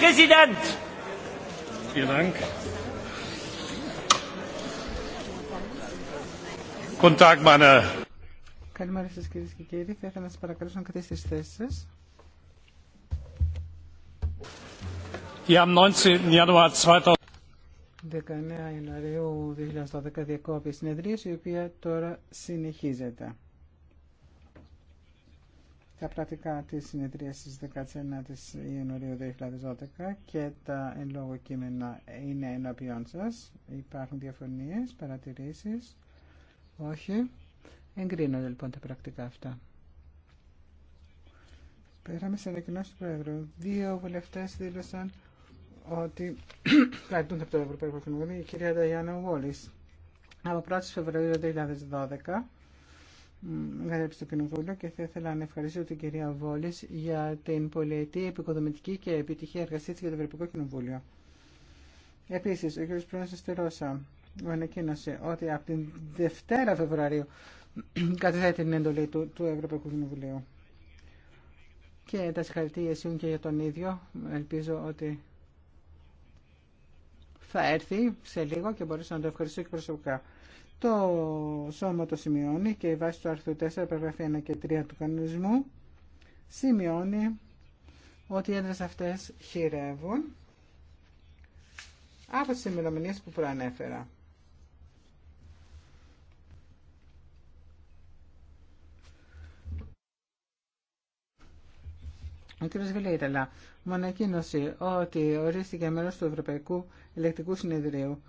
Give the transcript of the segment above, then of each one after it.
Präsident! Vielen Dank. Guten Tag, meine. Καλημέρα σας κυρίες και κύριοι. Θα ήθελα να σας παρακαλέσω να κρατήσετε τις θέσεις σας. am 19. Januar Ιανουαρίου 2012 διακόπη συνεδρίαση η οποία τώρα συνεχίζεται τα πρακτικά της συνεδρίας της 19ης Ιανουαρίου 2012 και τα εν λόγω κείμενα είναι ενώπιόν σας. Υπάρχουν διαφωνίες, παρατηρήσεις. Όχι. Εγκρίνονται λοιπόν τα πρακτικά αυτά. Πέραμε σε ανακοινώσει του Πρόεδρου. Δύο βουλευτέ δήλωσαν ότι κρατούνται από το Ευρωπαϊκό Κοινοβούλιο, η κυρια νταιαννα Νταγιάννα Βόλη. Από 1η Φεβρουαρίου 2012 γράψει στο Κοινοβούλιο και θα ήθελα να ευχαριστήσω την κυρία Βόλης για την πολυετή επικοδομητική και επιτυχή εργασία της για το Ευρωπαϊκό Κοινοβούλιο. Επίσης, ο κ. Πρόεδρος Αστερόσα ανακοίνωσε ότι από την Δευτέρα Φεβρουαρίου καταθέτει την εντολή του, του Ευρωπαϊκού Κοινοβουλίου. Και τα συγχαρητήρια εσύ και για τον ίδιο. Ελπίζω ότι θα έρθει σε λίγο και μπορείς να το ευχαριστήσω και προσωπικά. Το σώμα το σημειώνει και η βάση του άρθρου 4, παραγραφή 1 και 3 του κανονισμού, σημειώνει ότι οι έντρες αυτές χειρεύουν από τις ημερομηνίες που προανέφερα. Ο κ. Ιταλά μου ανακοίνωσε ότι ορίστηκε μέρο του Ευρωπαϊκού Ελεκτικού Συνεδρίου.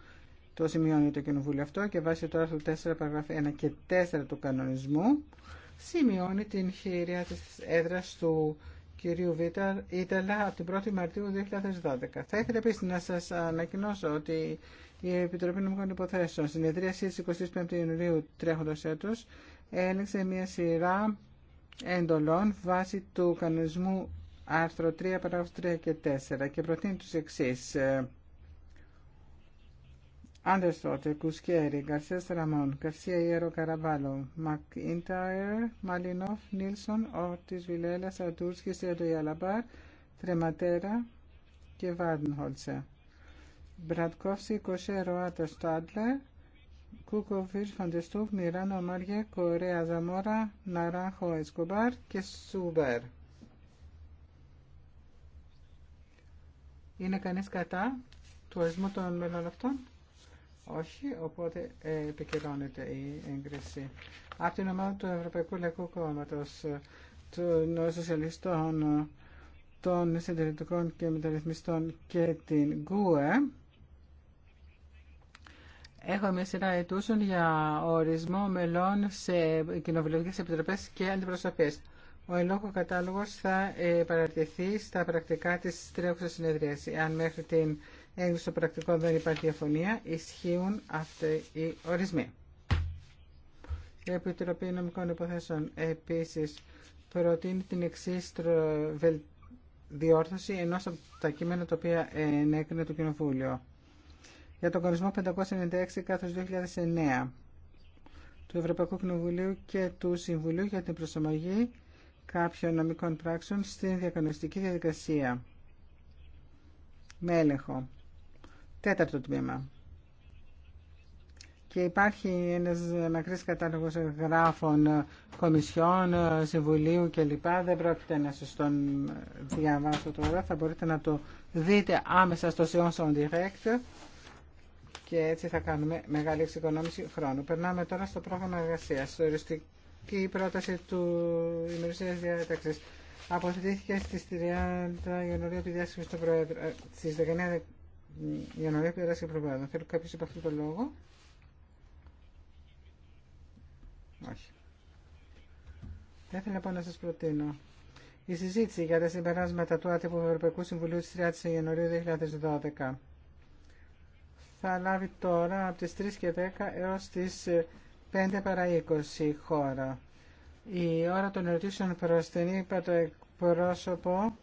Το σημειώνει το Κοινοβούλιο αυτό και βάσει το άρθρο 4, παραγράφη 1 και 4 του κανονισμού σημειώνει την χειρία τη έδρα του κ. Βίταρ Ιταλά από την 1η Μαρτίου 2012. Θα ήθελα επίση να σα ανακοινώσω ότι η Επιτροπή Νομικών Υποθέσεων Συνεδρία τη 25 Ιανουαρίου τρέχοντο έτου, έλεγξε μια σειρά εντολών βάσει του κανονισμού άρθρο 3, παράγραφος 3 και 4 και προτείνει τους εξής. Ε, Άντερ Στότερ, Κουσκέρι, Γκαρσία Ραμόν, Γκαρσία Ιέρο Καραβάλο, Μακίνταερ, Μαλινόφ, Νίλσον, Ότις Βιλέλα, Σαρτούρσκι, Σέντο Ιαλαμπάρ, Τρεματέρα και Βάρνχολτσα. Μπρατκόφση, Κοσέ Ροάτα Στάντλερ, Κούκοβιρ, Φαντεστούφ, Μιράνο Μάριε, Κορέα Ζαμόρα, Ναράχο Εσκομπάρ και Σούμπερ. Είναι κανείς κατά του ορισμού των μελών αυτών. Όχι, οπότε ε, επικυρώνεται η έγκριση. Από την ομάδα του Ευρωπαϊκού Λαϊκού του ε, των Σοσιαλιστών, των Συντηρητικών και Μεταρρυθμιστών και την ΓΚΟΕ, Έχω μια σειρά αιτούσεων για ορισμό μελών σε κοινοβουλευτικέ επιτροπέ και αντιπροσωπείε. Ο ελόγω κατάλογο θα ε, παρατηθεί στα πρακτικά τη τρέχουσα συνεδρίαση. Αν μέχρι την έγκριση των πρακτικών δεν υπάρχει διαφωνία, ισχύουν αυτοί οι ορισμοί. Η Επιτροπή Νομικών Υποθέσεων επίση προτείνει την εξή διόρθωση ενό από τα κείμενα τα οποία ενέκρινε το Κοινοβούλιο. Για τον κορισμό 596 κάθε 2009 του Ευρωπαϊκού Κοινοβουλίου και του Συμβουλίου για την προσαρμογή κάποιων νομικών πράξεων στην διακανονιστική διαδικασία. Με έλεγχο. Τέταρτο τμήμα. Και υπάρχει ένας μακρύς κατάλογος γράφων κομισιών, συμβουλίου κλπ. Δεν πρόκειται να σας τον διαβάσω τώρα. Θα μπορείτε να το δείτε άμεσα στο Sion Direct και έτσι θα κάνουμε μεγάλη εξοικονόμηση χρόνου. Περνάμε τώρα στο πρόγραμμα εργασίας, στο οριστικό και η πρόταση του ημερησίας διάταξης αποθετήθηκε στις 30 Ιανουαρίου του Προέδρου, στις 19 Ιανουαρίου του διάσκεψη του Προέδρου. Θέλω κάποιο από αυτό το λόγο. Όχι. Θα ήθελα λοιπόν να σας προτείνω. Η συζήτηση για τα συμπεράσματα του άτυπου Ευρωπαϊκού Συμβουλίου τη 30 Ιανουαρίου 2012 θα λάβει τώρα από τις 3 και 10 έως τις 5 παρά 20 χώρα. Η ώρα των ερωτήσεων προς την είπα το εκπρόσωπο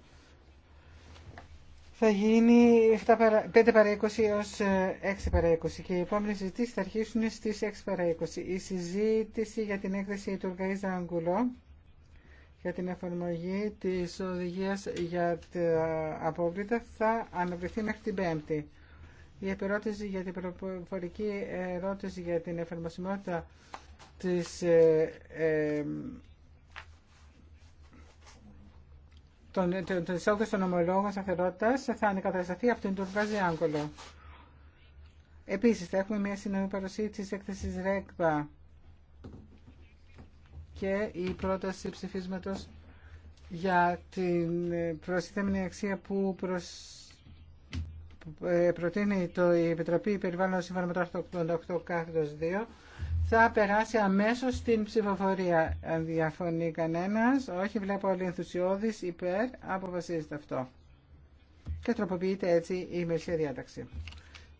θα γίνει 5 παρά 20 έως 6 ε, παρά 20 και οι επόμενε συζητήσει θα αρχίσουν στις 6 παρά 20. Η συζήτηση για την έκθεση του Ουργαΐζα Αγγουλό για την εφαρμογή της οδηγίας για τα απόβλητα θα αναβληθεί μέχρι την Πέμπτη. Η επερώτηση για την προφορική ερώτηση για την εφαρμοσιμότητα της, ε, ε, των, ε, των, των, των ομολόγων σταθερότητα θα ανεκατασταθεί από την Τουρβάζη Άγκολο. Επίσης, θα έχουμε μια συνομή παρουσία τη έκθεση ΡΕΚΒΑ και η πρόταση ψηφίσματος για την ε, προσθέμενη αξία που προσθέτει ε, προτείνει το, η Επιτροπή Περιβάλλοντος σύμφωνα με το 88 κάθετος 2 θα περάσει αμέσως στην ψηφοφορία. Αν διαφωνεί κανένας, όχι βλέπω όλοι ενθουσιώδης υπέρ, αποφασίζεται αυτό. Και τροποποιείται έτσι η ημερησία διάταξη.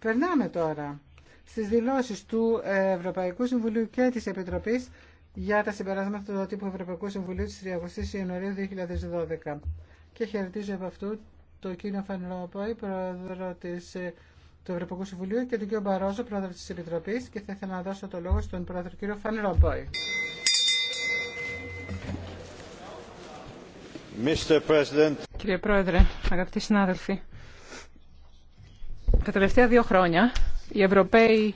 Περνάμε τώρα στις δηλώσεις του Ευρωπαϊκού Συμβουλίου και της Επιτροπής για τα συμπεράσματα του τύπου Ευρωπαϊκού Συμβουλίου της 30 Ιανουαρίου 2012. Και χαιρετίζω από αυτού τον κύριο Ρομπόη, πρόεδρο της, ε, του Ευρωπαϊκού Συμβουλίου και τον κύριο Μπαρόζο, πρόεδρο της Επιτροπής και θα ήθελα να δώσω το λόγο στον πρόεδρο κύριο Ρομπόη. Κύριε Πρόεδρε, αγαπητοί συνάδελφοι, τα τελευταία δύο χρόνια οι Ευρωπαίοι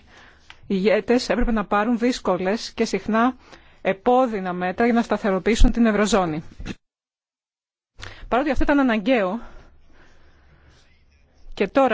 ηγέτες έπρεπε να πάρουν δύσκολες και συχνά επώδυνα μέτρα για να σταθεροποιήσουν την Ευρωζώνη. Παρότι αυτό ήταν αναγκαίο και τώρα